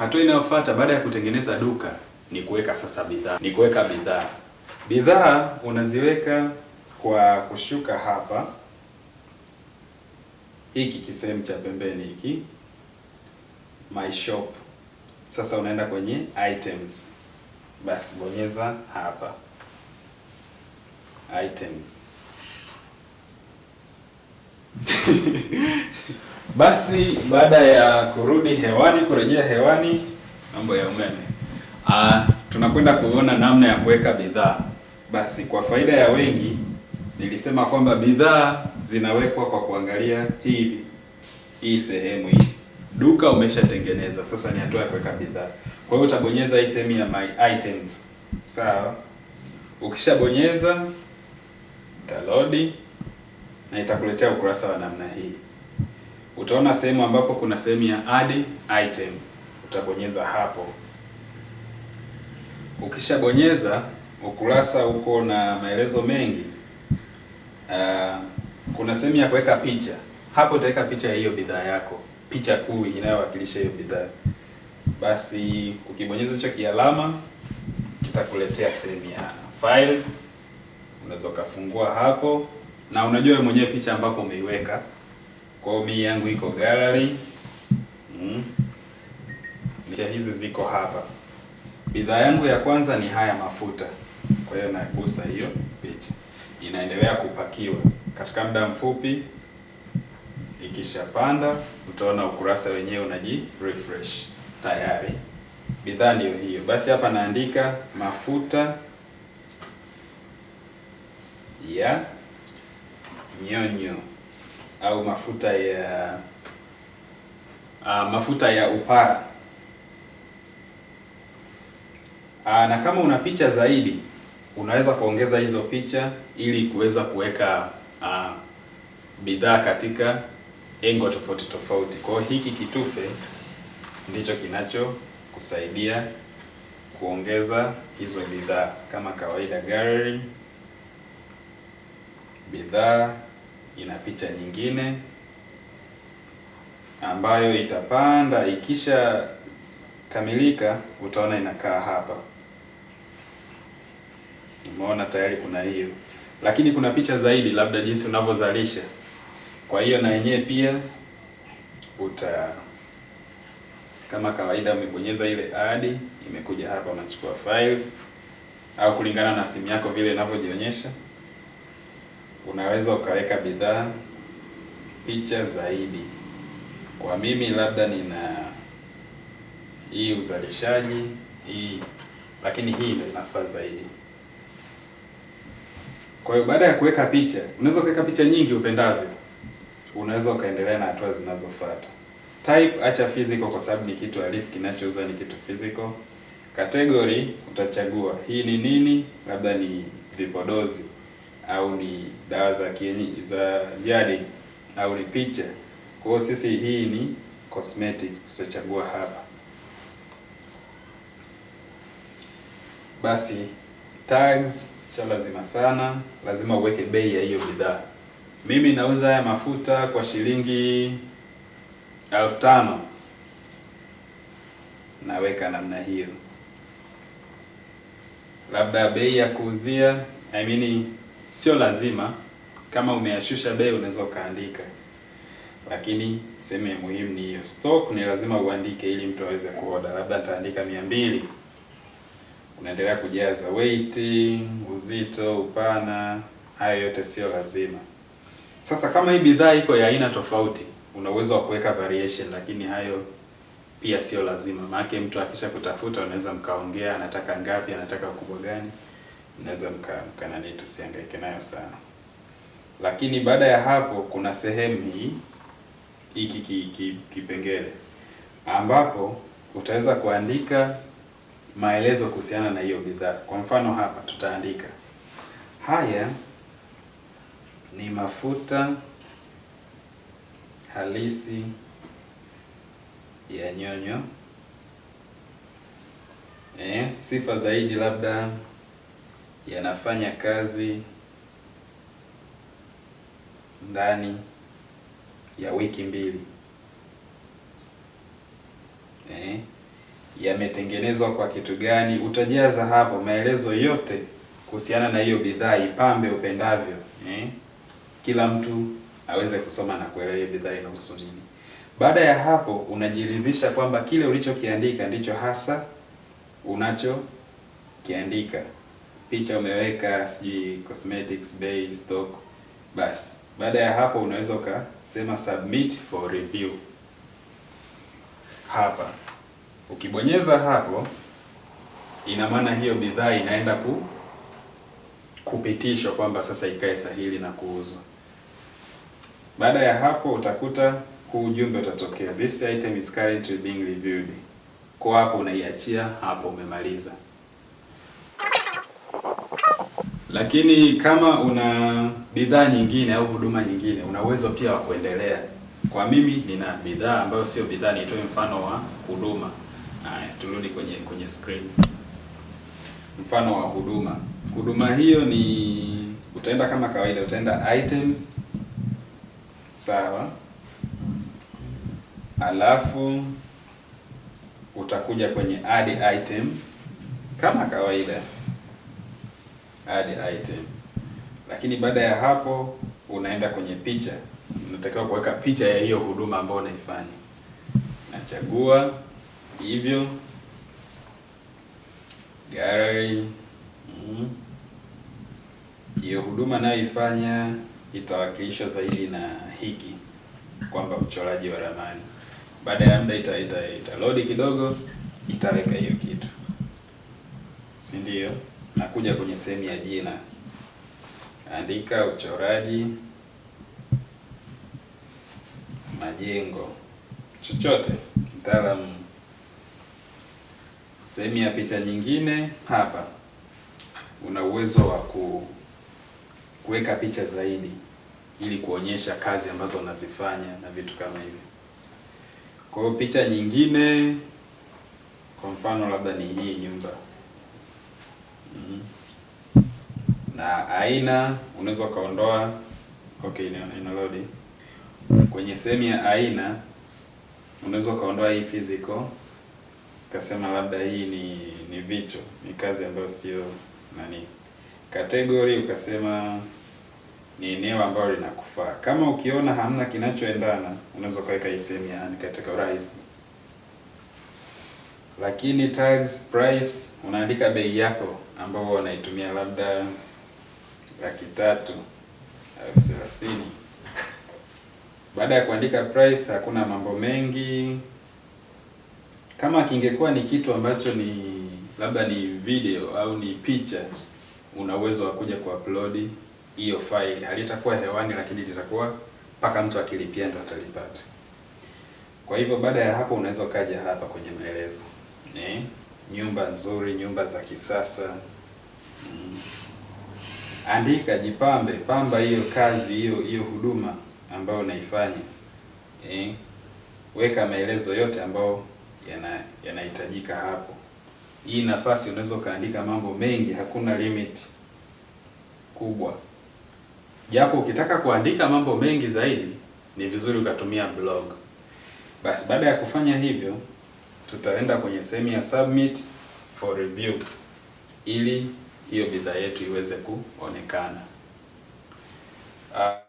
Hatua inayofuata baada ya kutengeneza duka ni kuweka sasa bidhaa, ni kuweka bidhaa. Bidhaa unaziweka kwa kushuka hapa, hiki kisehemu cha pembeni hiki, my shop. Sasa unaenda kwenye items, basi bonyeza hapa items Basi baada ya kurudi hewani, kurejea hewani, mambo ya umeme, ah, tunakwenda kuona namna ya kuweka bidhaa. Basi kwa faida ya wengi nilisema kwamba bidhaa zinawekwa kwa kuangalia hivi hii sehemu hii. Duka umeshatengeneza, sasa ni hatua ya kuweka bidhaa. Kwa hiyo utabonyeza hii sehemu ya my items, sawa. Ukishabonyeza italodi na itakuletea ukurasa wa namna hii utaona sehemu ambapo kuna sehemu ya add item, utabonyeza hapo. Ukishabonyeza ukurasa uko na maelezo mengi. Uh, kuna sehemu ya kuweka picha, hapo utaweka picha ya hiyo bidhaa yako, picha kuu inayowakilisha hiyo bidhaa. Basi ukibonyeza hicho kialama kitakuletea sehemu ya files, unaweza ukafungua hapo, na unajua mwenyewe picha ambapo umeiweka kwa hiyo yangu iko gallery. Mm. hizi ziko hapa. Bidhaa yangu ya kwanza ni haya mafuta. Kwa hiyo nagusa hiyo picha. Inaendelea kupakiwa. Katika muda mfupi ikishapanda utaona ukurasa wenyewe unaji refresh tayari. Bidhaa ndiyo hiyo. Basi hapa naandika mafuta ya nyonyo au mafuta ya uh, mafuta ya upara uh, na kama una picha zaidi unaweza kuongeza hizo picha ili kuweza kuweka uh, bidhaa katika engo tofauti tofauti. Kwa hiyo hiki kitufe ndicho kinacho kusaidia kuongeza hizo bidhaa kama kawaida, gallery, bidhaa ina picha nyingine ambayo itapanda ikisha kamilika, utaona inakaa hapa. Umeona tayari kuna hiyo, lakini kuna picha zaidi, labda jinsi unavyozalisha. Kwa hiyo na yenyewe pia uta kama kawaida, umebonyeza ile adi imekuja hapa, unachukua files au kulingana na simu yako vile inavyojionyesha unaweza ukaweka bidhaa picha zaidi. Kwa mimi labda nina hii uzalishaji hii, lakini hii ndio inafaa zaidi. Kwa hiyo baada ya kuweka picha, unaweza kuweka picha nyingi upendavyo, unaweza ukaendelea na hatua zinazofuata. Type acha physical kwa sababu ni kitu halisi, kinachouza ni kitu physical. Category utachagua hii ni nini, labda ni vipodozi au ni dawa za kienyeji za jadi au ni picha. Kwa hiyo sisi hii ni cosmetics, tutachagua hapa. Basi tags sio lazima sana, lazima uweke bei ya hiyo bidhaa. Mimi nauza haya mafuta kwa shilingi elfu tano naweka namna hiyo, labda bei ya kuuzia I mean sio lazima. Kama umeyashusha bei unaweza ukaandika, lakini sehemu ya muhimu ni hiyo. Stock ni lazima uandike ili mtu aweze kuoda, labda nitaandika mia mbili. Unaendelea kujaza weight, uzito, upana, hayo yote sio lazima. Sasa kama hii bidhaa iko ya aina tofauti, una uwezo wa kuweka variation, lakini hayo pia sio lazima, maana mtu akisha kutafuta unaweza mkaongea, anataka ngapi, anataka ukubwa gani mnaweza mkanani, tusiangaike nayo sana. Lakini baada ya hapo kuna sehemu hii hiki ki, ki, kipengele ambapo utaweza kuandika maelezo kuhusiana na hiyo bidhaa. Kwa mfano hapa tutaandika haya ni mafuta halisi ya nyonyo. Eh, sifa zaidi labda yanafanya kazi ndani ya wiki mbili eh, yametengenezwa kwa kitu gani? Utajaza hapo maelezo yote kuhusiana na hiyo bidhaa, ipambe upendavyo eh, kila mtu aweze kusoma na kuelewa hiyo bidhaa inahusu nini. Baada ya hapo, unajiridhisha kwamba kile ulichokiandika ndicho hasa unachokiandika picha umeweka, sijui cosmetics bay stock. Basi baada ya hapo unaweza ukasema submit for review hapa. Ukibonyeza hapo, ina maana hiyo bidhaa inaenda ku kupitishwa kwamba sasa ikae sahili na kuuzwa. Baada ya hapo utakuta huu ujumbe utatokea, this item is currently being reviewed. Kwa hapo unaiachia hapo, umemaliza. Lakini kama una bidhaa nyingine au huduma nyingine, una uwezo pia wa kuendelea. Kwa mimi nina bidhaa ambayo sio bidhaa, nitoe mfano wa huduma. Haya, turudi kwenye kwenye screen. Mfano wa huduma. Huduma hiyo ni utaenda kama kawaida, utaenda items, sawa, alafu utakuja kwenye add item kama kawaida add item. Lakini baada ya hapo unaenda kwenye picha, unatakiwa kuweka picha ya hiyo huduma ambayo unaifanya. Nachagua hivyo gallery mm-hmm. hiyo huduma nayoifanya itawakilishwa zaidi na hiki kwamba mchoraji wa ramani. Baada ya muda ita- ita- italodi kidogo, itaweka hiyo kitu, si ndio? nakuja kwenye sehemu ya jina, andika uchoraji majengo, chochote mtaalamu. Sehemu ya picha nyingine hapa una uwezo wa ku kuweka picha zaidi ili kuonyesha kazi ambazo unazifanya na vitu kama hivyo. Kwa hiyo picha nyingine, kwa mfano labda ni hii nyumba. Mhm. na aina unaweza ukaondoa, okay, load kwenye sehemu ya aina unaweza ukaondoa hii physical ukasema labda hii ni ni vicho, ni kazi ambayo sio nani. Category ukasema ni eneo ambalo linakufaa. Kama ukiona hamna kinachoendana, unaweza ukaweka hii sehemu ya uncategorized lakini tags price unaandika bei yako ambayo wanaitumia labda laki tatu elfu thelathini. Baada ya kuandika price, hakuna mambo mengi. Kama kingekuwa ni kitu ambacho ni labda ni video au ni picha, una uwezo wa kuja kuupload hiyo file, halitakuwa hewani, lakini litakuwa mpaka mtu akilipia ndo atalipata. Kwa hivyo baada ya hapo, unaweza ukaja hapa kwenye maelezo ne? nyumba nzuri, nyumba za kisasa mm. Andika, jipambe, pamba hiyo kazi hiyo hiyo huduma ambayo unaifanya eh? Weka maelezo yote ambayo yanahitajika yana hapo. Hii nafasi unaweza ukaandika mambo mengi, hakuna limit kubwa, japo ukitaka kuandika mambo mengi zaidi ni vizuri ukatumia blog. Basi baada ya kufanya hivyo tutaenda kwenye sehemu ya submit for review ili hiyo bidhaa yetu iweze kuonekana. Ah,